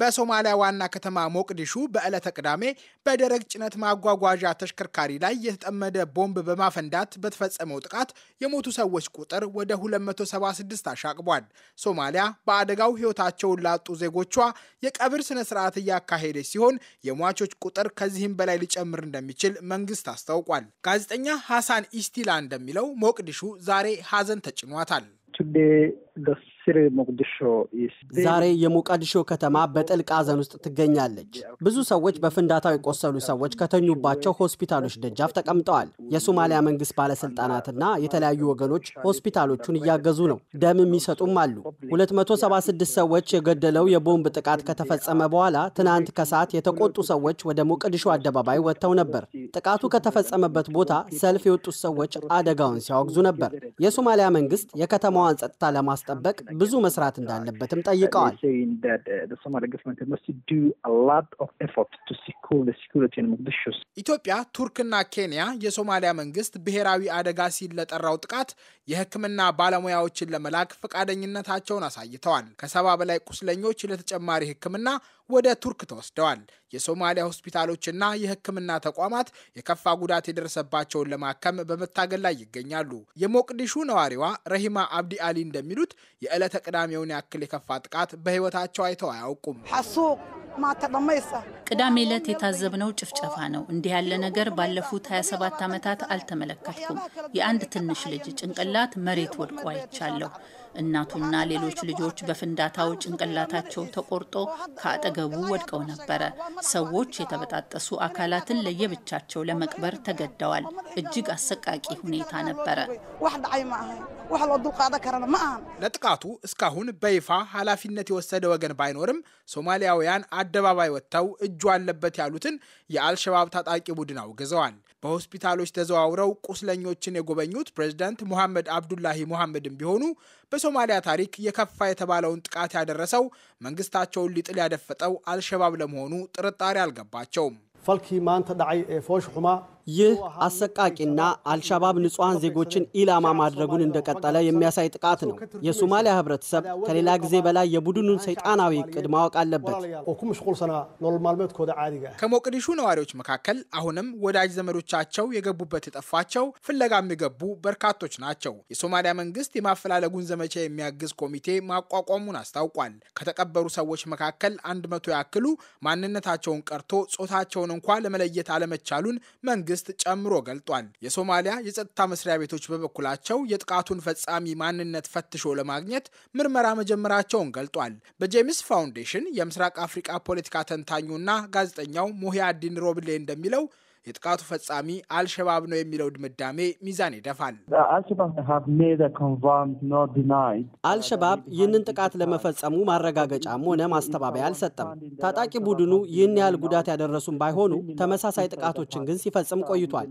በሶማሊያ ዋና ከተማ ሞቅዲሹ በዕለተ ቅዳሜ በደረቅ ጭነት ማጓጓዣ ተሽከርካሪ ላይ የተጠመደ ቦምብ በማፈንዳት በተፈጸመው ጥቃት የሞቱ ሰዎች ቁጥር ወደ 276 አሻቅቧል። ሶማሊያ በአደጋው ሕይወታቸውን ላጡ ዜጎቿ የቀብር ስነ ስርዓት እያካሄደች ሲሆን የሟቾች ቁጥር ከዚህም በላይ ሊጨምር እንደሚችል መንግስት አስታውቋል። ጋዜጠኛ ሐሳን ኢስቲላ እንደሚለው ሞቅዲሹ ዛሬ ሐዘን ተጭኗታል። ሲር ሞቅዲሾ ዛሬ የሞቃዲሾ ከተማ በጥልቅ ሐዘን ውስጥ ትገኛለች። ብዙ ሰዎች በፍንዳታው የቆሰሉ ሰዎች ከተኙባቸው ሆስፒታሎች ደጃፍ ተቀምጠዋል። የሶማሊያ መንግስት ባለስልጣናትና የተለያዩ ወገኖች ሆስፒታሎቹን እያገዙ ነው። ደም የሚሰጡም አሉ። 276 ሰዎች የገደለው የቦምብ ጥቃት ከተፈጸመ በኋላ ትናንት ከሰዓት የተቆጡ ሰዎች ወደ ሞቃዲሾ አደባባይ ወጥተው ነበር። ጥቃቱ ከተፈጸመበት ቦታ ሰልፍ የወጡት ሰዎች አደጋውን ሲያወግዙ ነበር። የሶማሊያ መንግስት የከተማዋን ጸጥታ ለማስጠበቅ ብዙ መስራት እንዳለበትም ጠይቀዋል። uh, ኢትዮጵያ፣ ቱርክና ኬንያ የሶማሊያ መንግስት ብሔራዊ አደጋ ሲል ለጠራው ጥቃት የሕክምና ባለሙያዎችን ለመላክ ፈቃደኝነታቸውን አሳይተዋል። ከሰባ በላይ ቁስለኞች ለተጨማሪ ሕክምና ወደ ቱርክ ተወስደዋል። የሶማሊያ ሆስፒታሎችና የሕክምና ተቋማት የከፋ ጉዳት የደረሰባቸውን ለማከም በመታገል ላይ ይገኛሉ። የሞቅዲሹ ነዋሪዋ ረሂማ አብዲ አሊ እንደሚሉት የዕለተ ቅዳሜውን ያክል የከፋ ጥቃት በሕይወታቸው አይተው አያውቁም። ቅዳሜ ዕለት የታዘብነው ጭፍጨፋ ነው። እንዲህ ያለ ነገር ባለፉት 27 ዓመታት አልተመለከትኩም። የአንድ ትንሽ ልጅ ጭንቅላት መሬት ወድቆ አይቻለሁ። እናቱና ሌሎች ልጆች በፍንዳታው ጭንቅላታቸው ተቆርጦ ከአጠገቡ ወድቀው ነበረ። ሰዎች የተበጣጠሱ አካላትን ለየብቻቸው ለመቅበር ተገደዋል። እጅግ አሰቃቂ ሁኔታ ነበረ። ለጥቃቱ እስካሁን በይፋ ኃላፊነት የወሰደ ወገን ባይኖርም ሶማሊያውያን አደባባይ ወጥተው እጁ አለበት ያሉትን የአልሸባብ ታጣቂ ቡድን አውግዘዋል። በሆስፒታሎች ተዘዋውረው ቁስለኞችን የጎበኙት ፕሬዚዳንት ሙሐመድ አብዱላሂ ሙሐመድም ቢሆኑ በሶማሊያ ታሪክ የከፋ የተባለውን ጥቃት ያደረሰው መንግስታቸውን ሊጥል ያደፈጠው አልሸባብ ለመሆኑ ጥርጣሬ አልገባቸውም። ፈልኪ ማንተ ዳይ ፎሽ ሑማ ይህ አሰቃቂና አልሻባብ ንጹሐን ዜጎችን ኢላማ ማድረጉን እንደቀጠለ የሚያሳይ ጥቃት ነው። የሶማሊያ ህብረተሰብ ከሌላ ጊዜ በላይ የቡድኑን ሰይጣናዊ እቅድ ማወቅ አለበት። ከሞቅዲሹ ነዋሪዎች መካከል አሁንም ወዳጅ ዘመዶቻቸው የገቡበት የጠፋቸው ፍለጋ የሚገቡ በርካቶች ናቸው። የሶማሊያ መንግስት የማፈላለጉን ዘመቻ የሚያግዝ ኮሚቴ ማቋቋሙን አስታውቋል። ከተቀበሩ ሰዎች መካከል አንድ መቶ ያክሉ ማንነታቸውን ቀርቶ ጾታቸውን እንኳ ለመለየት አለመቻሉን መንግስት መንግስት ጨምሮ ገልጧል። የሶማሊያ የጸጥታ መስሪያ ቤቶች በበኩላቸው የጥቃቱን ፈጻሚ ማንነት ፈትሾ ለማግኘት ምርመራ መጀመራቸውን ገልጧል። በጄምስ ፋውንዴሽን የምስራቅ አፍሪቃ ፖለቲካ ተንታኙና ጋዜጠኛው ሙሂያዲን ሮብሌ እንደሚለው የጥቃቱ ፈጻሚ አልሸባብ ነው የሚለው ድምዳሜ ሚዛን ይደፋል። አልሸባብ ይህንን ጥቃት ለመፈጸሙ ማረጋገጫም ሆነ ማስተባበያ አልሰጠም። ታጣቂ ቡድኑ ይህን ያህል ጉዳት ያደረሱም ባይሆኑ ተመሳሳይ ጥቃቶችን ግን ሲፈጽም ቆይቷል።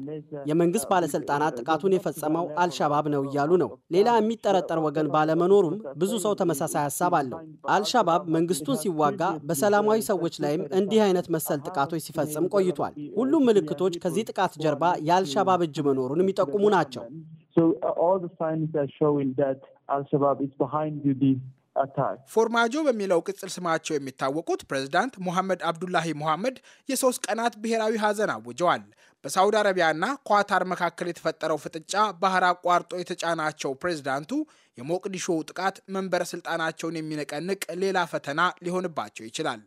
የመንግስት ባለስልጣናት ጥቃቱን የፈጸመው አልሸባብ ነው እያሉ ነው። ሌላ የሚጠረጠር ወገን ባለመኖሩም ብዙ ሰው ተመሳሳይ ሀሳብ አለው። አልሸባብ መንግስቱን ሲዋጋ በሰላማዊ ሰዎች ላይም እንዲህ አይነት መሰል ጥቃቶች ሲፈጽም ቆይቷል። ሁሉም ምልክቶ ምልክቶች ከዚህ ጥቃት ጀርባ የአልሻባብ እጅ መኖሩን የሚጠቁሙ ናቸው። uh, ፎርማጆ በሚለው ቅጽል ስማቸው የሚታወቁት ፕሬዝዳንት ሞሐመድ አብዱላሂ ሞሐመድ የሶስት ቀናት ብሔራዊ ሐዘን አውጀዋል። በሳውዲ አረቢያና ኳታር መካከል የተፈጠረው ፍጥጫ ባህር አቋርጦ የተጫናቸው ፕሬዝዳንቱ የሞቅዲሾው ጥቃት መንበረ ስልጣናቸውን የሚነቀንቅ ሌላ ፈተና ሊሆንባቸው ይችላል።